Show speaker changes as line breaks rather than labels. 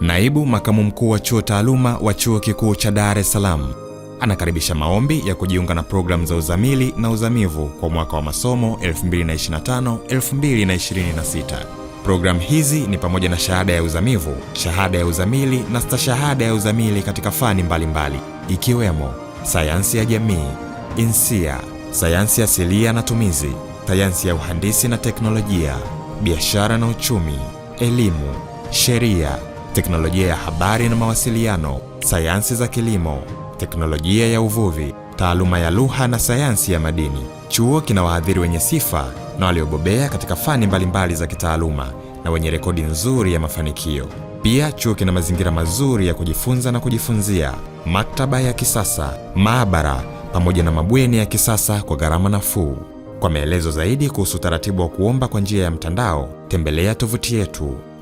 naibu makamu mkuu wa chuo taaluma wa chuo kikuu cha Dar es Salaam anakaribisha maombi ya kujiunga na programu za uzamili na uzamivu kwa mwaka wa masomo 2025-2026. Programu hizi ni pamoja na shahada ya uzamivu, shahada ya uzamili na stashahada ya uzamili katika fani mbalimbali mbali, ikiwemo sayansi ya jamii, insia, sayansi asilia na tumizi, sayansi ya uhandisi na teknolojia, biashara na uchumi, elimu, sheria teknolojia ya habari na mawasiliano, sayansi za kilimo, teknolojia ya uvuvi, taaluma ya lugha na sayansi ya madini. Chuo kina wahadhiri wenye sifa na waliobobea katika fani mbalimbali mbali za kitaaluma na wenye rekodi nzuri ya mafanikio. Pia chuo kina mazingira mazuri ya kujifunza na kujifunzia, maktaba ya kisasa, maabara pamoja na mabweni ya kisasa kwa gharama nafuu. Kwa maelezo zaidi kuhusu utaratibu wa kuomba kwa njia ya mtandao, tembelea tovuti yetu